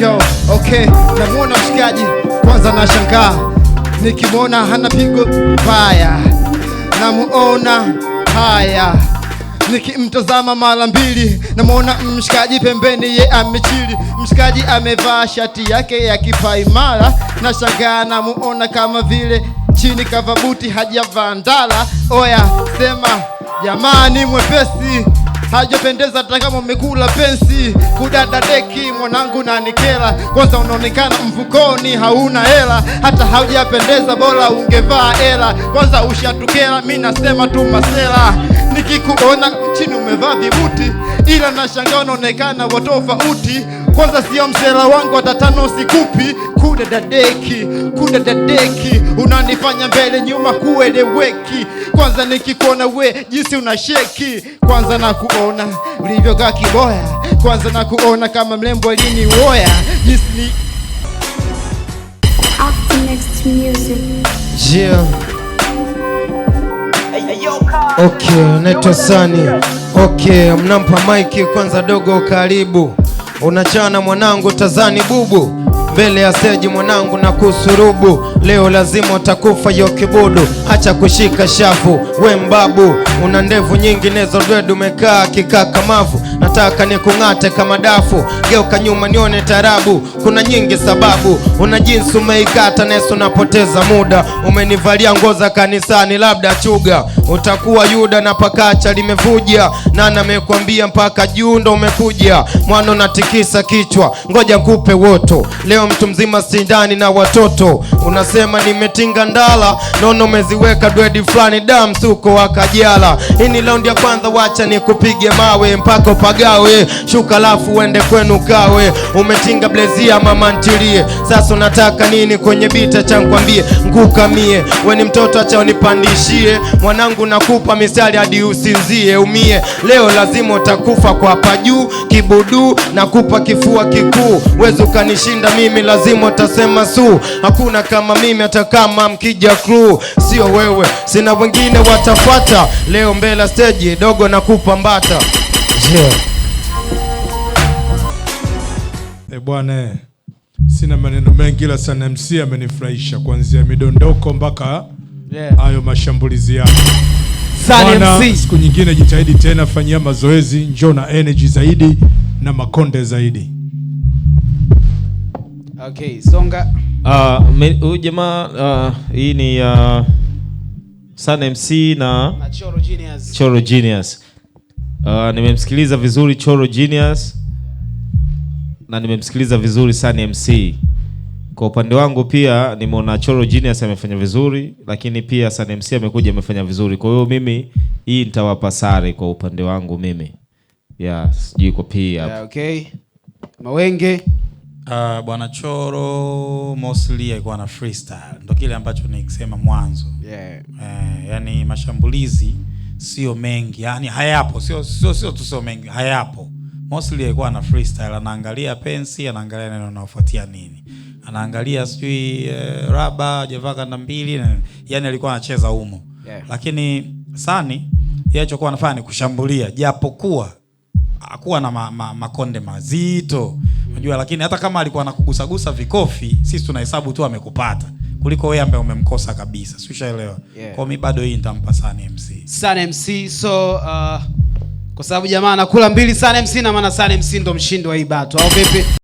yo, okay, namwona mshikaji kwanza, nashangaa nikimwona hana pigo baya, namuona haya nikimtazama mara mbili, namwona mshikaji pembeni, ye amechili. Mshikaji amevaa shati yake ya kipaimara, na namuona kama vile chini kavabuti hajavaa vandala Oya sema jamani, mwepesi hajapendeza hata kama umekula pensi. Kudada deki mwanangu na nikela, kwanza unaonekana mfukoni hauna hela, hata haujapendeza bora ungevaa hela, kwanza ushatukela. Mi nasema tu masela, nikikuona chini umevaa vibuti, ila nashangaa unaonekana watofauti kwanza sio msela wangu sikupi kuda dadeki kuda dadeki unanifanya mbele nyuma kueleweki. Kwanza nikikuona we jinsi unasheki, kwanza na kuona ulivyokaa kiboya, kwanza na kuona kama mlembo lini woya jinsi ni next music. Yeah. Okay, naitwa Sani. Okay, mnampa maiki kwanza dogo, karibu Unachana mwanangu, tazani bubu mbele ya seji mwanangu na kusurubu, leo lazima utakufa yokibudu kibudu. Acha kushika shafu we mbabu, una ndevu nyingi nezo dwedu, umekaa kikakamavu, nataka nikung'ate kama dafu. Geuka nyuma nione tarabu, kuna nyingi sababu, una jinsi umeikata neso, napoteza muda. Umenivalia ngoza kanisani, labda chuga utakuwa Yuda na pakacha limevuja nani amekwambia mpaka juu ndo umekuja? Mwana unatikisa kichwa, ngoja kupe woto. Leo mtu mzima sindani na watoto, unasema nimetinga ndala, naona umeziweka dwedi fulani, da msuko wa Kajala. Hii ni raundi ya kwanza, wacha kupige mawe mpaka upagawe, shuka lafu uende kwenu kawe. Umetinga blezia mama ntilie, sasa unataka nini kwenye bita cha nkwambie? we ni mtoto, acha unipandishie mwanangu, nakupa misali hadi usinzie umie leo lazima utakufa kwa hapa juu kibuduu na kupa kifua kikuu. Wezi ukanishinda mimi, lazima utasema suu. Hakuna kama mimi, hata kama mkija crew, sio wewe, sina wengine watafuata. Leo mbele stage dogo na kupa mbata yeah. E bwana sina maneno mengi, ila sana MC amenifurahisha kuanzia midondoko mpaka hayo yeah, mashambulizi yake sana. Siku nyingine jitahidi tena, fanyia mazoezi, njoo na energy zaidi na makonde zaidi. Okay, songa. Ah, huyu uh, jamaa uh, hii ni uh, ah, Sun MC na, na Choro Genius. Choro Genius. Uh, nimemsikiliza vizuri Choro Genius na nimemsikiliza vizuri Sun MC. Kwa upande wangu pia nimeona Choro Genius amefanya vizuri, lakini pia Sun MC amekuja amefanya vizuri. Kwa hiyo mimi hii nitawapa sare kwa upande wangu mimi. Yeah, sijui kwa pia. Yeah, okay. Mawenge Uh, Bwana Choro mostly alikuwa na freestyle, ndo kile ambacho nikisema mwanzo yeah. Uh, yani mashambulizi sio mengi, yani hayapo, sio sio sio tu sio mengi, hayapo. Mostly alikuwa na freestyle, anaangalia pensi, anaangalia neno naofuatia nini anaangalia sijui e, raba hajavaa kanda mbili, yani alikuwa anacheza humo yeah. Lakini Sani yeye alichokuwa anafanya ni kushambulia, japokuwa hakuwa na ma, ma, makonde mazito unajua mm. Lakini hata kama alikuwa anakugusagusa vikofi, sisi tunahesabu tu amekupata kuliko wewe ambaye umemkosa kabisa, si ushaelewa? yeah. Kwa mimi bado hii nitampa Sani MC, Sani MC so uh, kwa sababu jamaa anakula mbili Sani MC na maana Sani MC ndo mshindi wa hii battle au vipi?